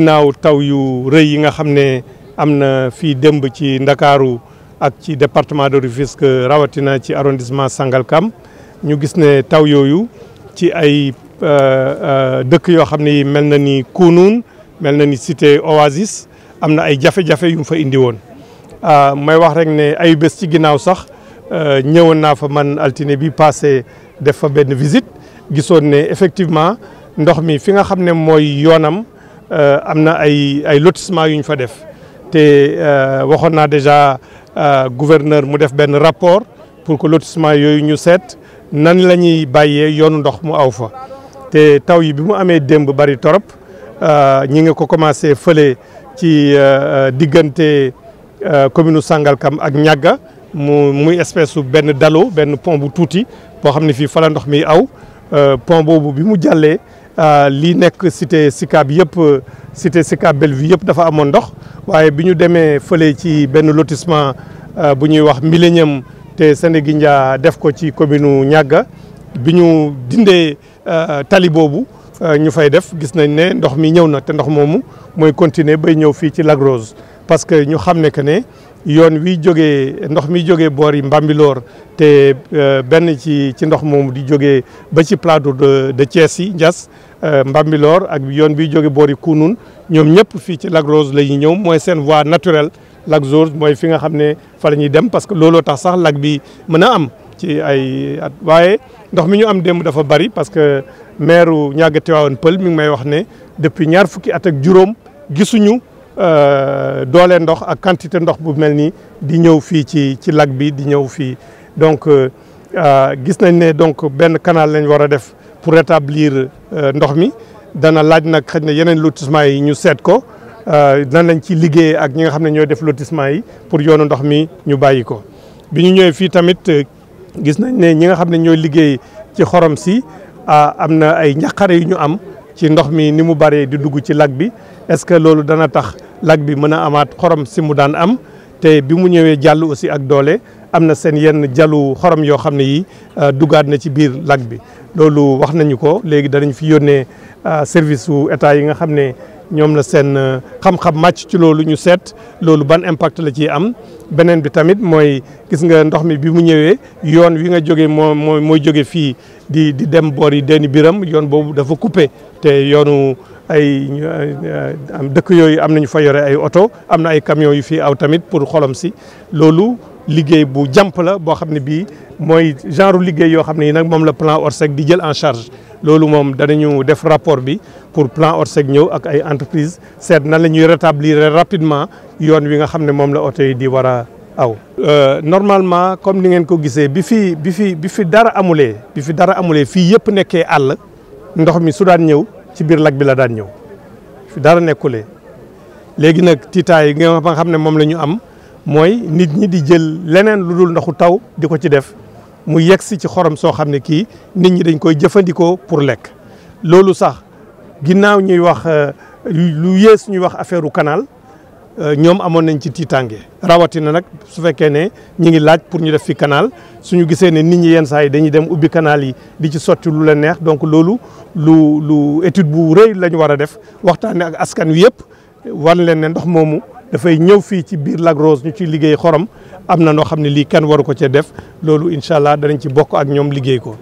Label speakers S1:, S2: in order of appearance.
S1: ginnaaw taw yu rëy yi nga xam ne am na fii démb ci ndakaaru ak ci département de Rufisque rawatina ci arrondissement Sangalkam ñu gis ne taw yooyu ci ay euh, euh, dëkk yoo xam ne mel na ni Kounoune mel na ni cité Oasis am na ay jafe-jafe yu fa indi woon. Euh, may wax rek ne ay bés ci ginnaaw sax ñëwoon naa fa man altine bi passé def fa benn visite gisoon ne effectivement ndox mi fi nga xam ne mooy yoonam. Euh, am na ay ay lotissement yu ñu fa def te euh, waxoon naa déjà euh, gouverneur mu def benn rapport pour que lotissement yooyu ñu seet nan la ñuy bàyyee yoonu ndox mu aw fa te taw yi bi mu amee démb bari torop ñi nga ko commencé fële ci diggante commune Sangalkam ak Niaga mu muy espèce su benn dalo benn pont bu tuuti boo xam ne fi fa ndox mi aw pont boobu bi mu jallee Euh, lii nekk cité Sicap yëpp cité Sicap Bellevue yëpp dafa amoon ndox waaye bi ñu demee fële ci benn lotissement euh, bu ñuy wax Millénium te Sénégindia def ko ci commune u bi ñu dindee euh, tali boobu ñu fay def gis nañ ne ndox mi ñëw na te ndox moomu mooy continuer bay ñëw fii ci lagrose Rose parce que ñu xam ne que ne yoon wi jógee ndox mi jógee boor yi Mbambilor te euh, benn ci ci ndox moomu di jógee ba ci plateau de de Thiès yi Ndias euh, Mbambilor ak yoon bi jóge boor yi nun ñoom ñëpp fii ci Lac Rose la ñëw mooy seen voie naturelle Lac Rose mooy fi nga xam ne fa la ñuy dem parce que looloo tax sax lac bi mën a am ci ay at waaye ndox mi ñu am démb dafa bari parce que maire ñàgg Tivaouane Pël mi ngi may wax ne depuis ñaar fukki at ak juróom gisuñu. Euh, doole ndox ak quantité ndox bu mel nii di ñëw fii ci ci lac bi di ñëw fii donc euh, euh, gis nañ ne donc benn canal lañ war a def pour rétablir ndox mi dana laaj nag xëy na yeneen lotissement yi ñu seet ko nan lañ ci liggéey ak ñi nga xam ne ñooy def lotissement yi pour yoonu ndox mi ñu bàyyi ko bi ñu ñëwee fii tamit gis nañ ne ñi nga xam ne ñooy liggéey ci xorom si ah, am na ay njaqare yu ñu am ci ndox mi ni mu bëree di dugg ci lag bi est-ce que loolu dana tax lag bi mën a amaat xorom si mu daan am te bi mu ñëwee jàll aussi ak doole am na seen yenn jàllu xorom yoo xam ne yi euh, duggaat na ci biir lag bi loolu wax nañu ko léegi danañ fi yónnee euh, service su état yi nga xam ne ñoom la seen euh, xam-xam màcc ci loolu ñu seet loolu ban impact la ciy am beneen bi tamit mooy gis nga ndox mi bi mu ñëwee yoon wi nga jóge moom moo mooy jóge fii di dem boor yi deeni biram yoon boobu dafa coupé te yoonu ay euh, dëkk yooyu am nañu fa yore ay oto am na ay camions yu fii aw tamit pour xolom si loolu liggéey bu jàmp la boo xam ne bii mooy genre liggéey yoo xam ne yi nag moom la plan Orsec di jël en charge loolu moom danañu def rapport bi pour plan seg ñëw ak ay entreprise seet na la ñuy rétablir rapidement yoon wi nga xam ne moom la oto yi di war a aw euh, normalement comme ni ngeen ko gisee bi fi bi fi bi fi dara amulee bi fi dara amulee fii yëpp nekkee àll ndox mi su daan ñëw ci biir lac bi la daan ñëw fi dara nekkulee léegi nag tiitaay yi nga xam ne moom la ñu am mooy nit ñi di jël leneen lu dul ndoxu taw di ko ci def mu yegg si ci xorom soo xam ne kii nit ñi dañ koy jëfandikoo pour lekk loolu sax ginnaaw ñuy wax euh, lu yées ñuy wax affaire u canal euh, ñoom amoon nañ ci tiitaange rawatina nag su fekkee ne ñu ngi laaj pour ñu def fi su ñu gisee ne nit ñi yenn saa yi dañuy dem ubbi kanaal yi di ci sotti lu la neex donc loolu lu lu étude bu rëy la ñu war a def waxtaan ak askan wi yëpp wan leen ne ndox moomu dafay ñëw fii ci biir Lac ñu ciy liggéey xorom am na noo xam ne lii kenn waru ko cee def loolu incha allah danañ ci bokk ak ñoom liggéey ko.